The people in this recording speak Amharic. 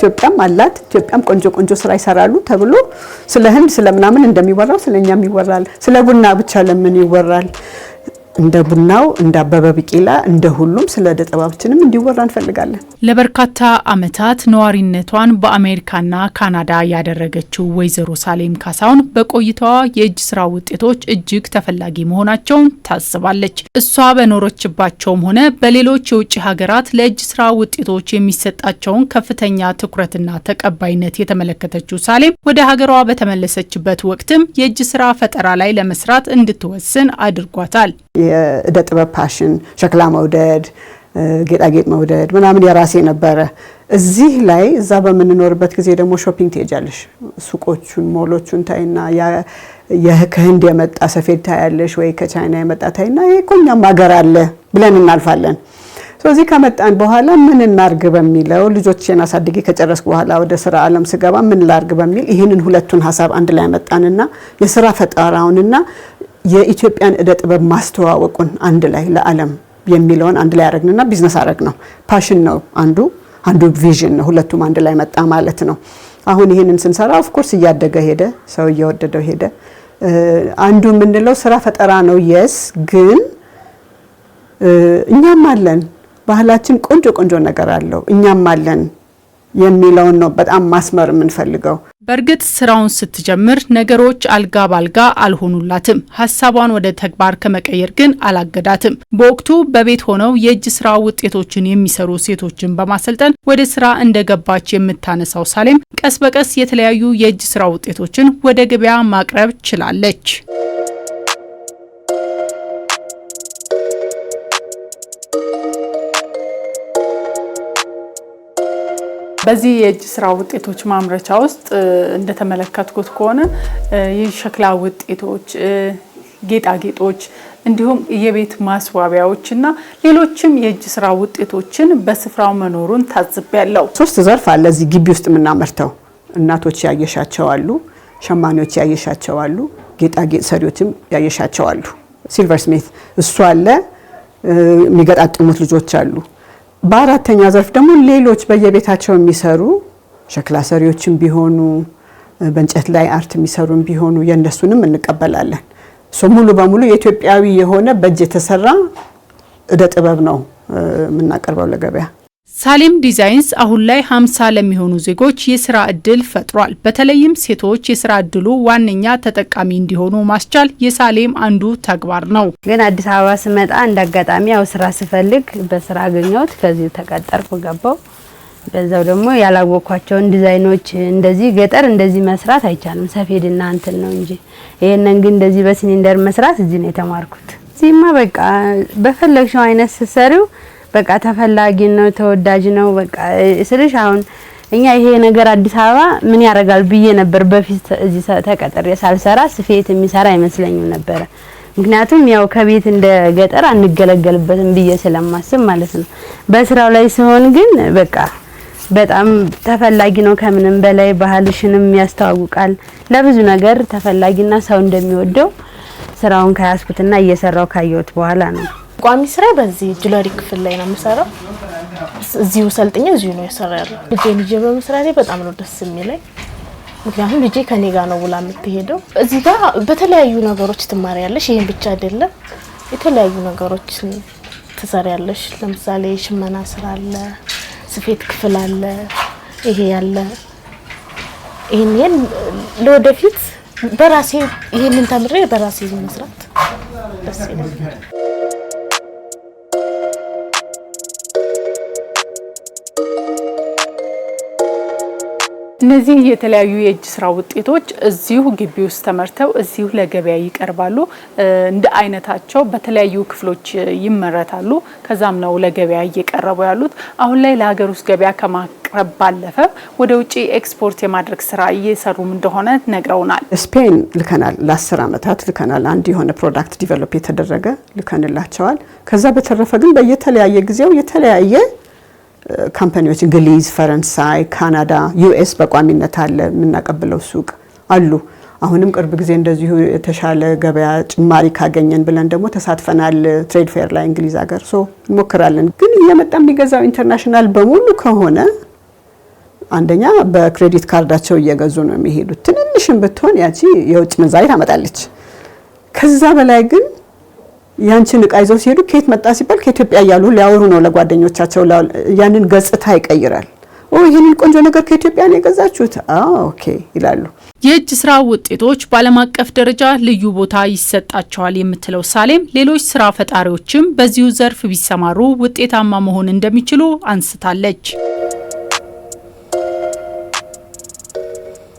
ኢትዮጵያም አላት ኢትዮጵያም ቆንጆ ቆንጆ ስራ ይሰራሉ ተብሎ ስለ ህንድ ስለምናምን እንደሚወራው ስለኛም ይወራል። ስለ ቡና ብቻ ለምን ይወራል? እንደ ቡናው እንደ አበበ ቢቂላ እንደ ሁሉም ስለ ዕደ ጥበባችንም እንዲወራ እንፈልጋለን። ለበርካታ ዓመታት ነዋሪነቷን በአሜሪካና ካናዳ ያደረገችው ወይዘሮ ሳሌም ካሳሁን በቆይታዋ የእጅ ስራ ውጤቶች እጅግ ተፈላጊ መሆናቸውን ታስባለች። እሷ በኖረችባቸውም ሆነ በሌሎች የውጭ ሀገራት ለእጅ ስራ ውጤቶች የሚሰጣቸውን ከፍተኛ ትኩረትና ተቀባይነት የተመለከተችው ሳሌም ወደ ሀገሯ በተመለሰችበት ወቅትም የእጅ ስራ ፈጠራ ላይ ለመስራት እንድትወስን አድርጓታል። የእደ ጥበብ ፓሽን፣ ሸክላ መውደድ፣ ጌጣጌጥ መውደድ ምናምን የራሴ ነበረ። እዚህ ላይ እዛ በምንኖርበት ጊዜ ደግሞ ሾፒንግ ትሄጃለሽ። ሱቆቹን፣ ሞሎቹን ታይና ከህንድ የመጣ ሰፌድ ታያለሽ ወይ ከቻይና የመጣ ታይና ይሄ እኮ እኛም ሀገር አለ ብለን እናልፋለን። ስለዚህ ከመጣን በኋላ ምን እናርግ በሚለው ልጆቼን አሳድጌ ከጨረስኩ በኋላ ወደ ስራ አለም ስገባ ምን ላርግ በሚል ይህንን ሁለቱን ሀሳብ አንድ ላይ መጣንና የስራ ፈጠራውንና የኢትዮጵያን እደ ጥበብ ማስተዋወቁን አንድ ላይ ለዓለም የሚለውን አንድ ላይ ያደረግንና ቢዝነስ አደረግ ነው። ፓሽን ነው አንዱ አንዱ ቪዥን ነው። ሁለቱም አንድ ላይ መጣ ማለት ነው። አሁን ይህንን ስንሰራ ኦፍኮርስ እያደገ ሄደ፣ ሰው እየወደደው ሄደ። አንዱ የምንለው ስራ ፈጠራ ነው። የስ ግን እኛም አለን ባህላችን ቆንጆ ቆንጆ ነገር አለው እኛም አለን የሚለውን ነው በጣም ማስመር የምንፈልገው። በእርግጥ ስራውን ስትጀምር ነገሮች አልጋ ባልጋ አልሆኑላትም። ሀሳቧን ወደ ተግባር ከመቀየር ግን አላገዳትም። በወቅቱ በቤት ሆነው የእጅ ስራ ውጤቶችን የሚሰሩ ሴቶችን በማሰልጠን ወደ ስራ እንደገባች የምታነሳው ሳሌም ቀስ በቀስ የተለያዩ የእጅ ስራ ውጤቶችን ወደ ገበያ ማቅረብ ችላለች። በዚህ የእጅ ስራ ውጤቶች ማምረቻ ውስጥ እንደተመለከትኩት ከሆነ የሸክላ ውጤቶች፣ ጌጣጌጦች እንዲሁም የቤት ማስዋቢያዎች እና ሌሎችም የእጅ ስራ ውጤቶችን በስፍራው መኖሩን ታዝቤያለሁ። ሶስት ዘርፍ አለ እዚህ ግቢ ውስጥ የምናመርተው እናቶች ያየሻቸው አሉ፣ ሸማኔዎች ያየሻቸው አሉ፣ ጌጣጌጥ ሰሪዎችም ያየሻቸው አሉ። ሲልቨር ስሜት እሱ አለ። የሚገጣጥሙት ልጆች አሉ። በአራተኛ ዘርፍ ደግሞ ሌሎች በየቤታቸው የሚሰሩ ሸክላ ሰሪዎችም ቢሆኑ በእንጨት ላይ አርት የሚሰሩም ቢሆኑ የእነሱንም እንቀበላለን። ሙሉ በሙሉ የኢትዮጵያዊ የሆነ በእጅ የተሰራ እደ ጥበብ ነው የምናቀርበው ለገበያ። ሳሌም ዲዛይንስ አሁን ላይ 50 ለሚሆኑ ዜጎች የስራ እድል ፈጥሯል። በተለይም ሴቶች የስራ እድሉ ዋነኛ ተጠቃሚ እንዲሆኑ ማስቻል የሳሌም አንዱ ተግባር ነው። ግን አዲስ አበባ ስመጣ እንደ አጋጣሚ ያው ስራ ስፈልግ በስራ አገኘሁት። ከዚህ ተቀጠርኩ ገባው። በዛው ደግሞ ያላወኳቸውን ዲዛይኖች እንደዚህ ገጠር እንደዚህ መስራት አይቻልም፣ ሰፌድና እንትን ነው እንጂ ይህንን ግን እንደዚህ በሲሊንደር መስራት እዚህ ነው የተማርኩት። እዚህማ በቃ በፈለግሽው አይነት ስትሰሪው በቃ ተፈላጊ ነው፣ ተወዳጅ ነው። በቃ ስልሽ አሁን እኛ ይሄ ነገር አዲስ አበባ ምን ያደርጋል ብዬ ነበር በፊት እዚህ ተቀጥሬ ሳልሰራ ስፌት የሚሰራ አይመስለኝም ነበረ። ምክንያቱም ያው ከቤት እንደ ገጠር አንገለገልበትም ብዬ ስለማስብ ማለት ነው። በስራው ላይ ሲሆን ግን በቃ በጣም ተፈላጊ ነው። ከምንም በላይ ባህልሽንም ያስተዋውቃል። ለብዙ ነገር ተፈላጊና ሰው እንደሚወደው ስራውን ከያዝኩትና እየሰራው ካየሁት በኋላ ነው። ቋሚ ስራ በዚህ ጁለሪ ክፍል ላይ ነው የምሰራው። እዚሁ ሰልጥኛ እዚሁ ነው የሰራ ያለው። ልጄን ይዤ በመስራቴ በጣም ነው ደስ የሚለኝ፣ ምክንያቱም ልጄ ከኔ ጋር ነው ውላ የምትሄደው። እዚህ ጋር በተለያዩ ነገሮች ትማሪያለሽ። ይህን ብቻ አይደለም፣ የተለያዩ ነገሮች ትሰሪያለሽ። ለምሳሌ ሽመና ስራ አለ፣ ስፌት ክፍል አለ፣ ይሄ ያለ ይህን ይህን ለወደፊት በራሴ ይህንን ተምሬ በራሴ መስራት ደስ ይለኛል። እነዚህ የተለያዩ የእጅ ስራ ውጤቶች እዚሁ ግቢ ውስጥ ተመርተው እዚሁ ለገበያ ይቀርባሉ። እንደ አይነታቸው በተለያዩ ክፍሎች ይመረታሉ። ከዛም ነው ለገበያ እየቀረቡ ያሉት። አሁን ላይ ለሀገር ውስጥ ገበያ ከማቅረብ ባለፈ ወደ ውጭ ኤክስፖርት የማድረግ ስራ እየሰሩም እንደሆነ ነግረውናል። ስፔን ልከናል፣ ለአስር አመታት ልከናል። አንድ የሆነ ፕሮዳክት ዲቨሎፕ የተደረገ ልከንላቸዋል። ከዛ በተረፈ ግን በየተለያየ ጊዜው የተለያየ ካምፓኒዎች እንግሊዝ፣ ፈረንሳይ፣ ካናዳ፣ ዩኤስ በቋሚነት አለ የምናቀብለው ሱቅ አሉ። አሁንም ቅርብ ጊዜ እንደዚሁ የተሻለ ገበያ ጭማሪ ካገኘን ብለን ደግሞ ተሳትፈናል። ትሬድ ፌር ላይ እንግሊዝ ሀገር ሶ እንሞክራለን። ግን እየመጣ የሚገዛው ኢንተርናሽናል በሙሉ ከሆነ አንደኛ በክሬዲት ካርዳቸው እየገዙ ነው የሚሄዱት። ትንንሽም ብትሆን ያቺ የውጭ ምንዛሪ ታመጣለች። ከዛ በላይ ግን ያንቺን እቃ ይዘው ሲሄዱ ከየት መጣ ሲባል ከኢትዮጵያ እያሉ ሊያወሩ ነው ለጓደኞቻቸው። ያንን ገጽታ ይቀይራል። ይህንን ቆንጆ ነገር ከኢትዮጵያ ነው የገዛችሁት? ኦኬ ይላሉ። የእጅ ስራ ውጤቶች በዓለም አቀፍ ደረጃ ልዩ ቦታ ይሰጣቸዋል የምትለው ሳሌም ሌሎች ስራ ፈጣሪዎችም በዚሁ ዘርፍ ቢሰማሩ ውጤታማ መሆን እንደሚችሉ አንስታለች።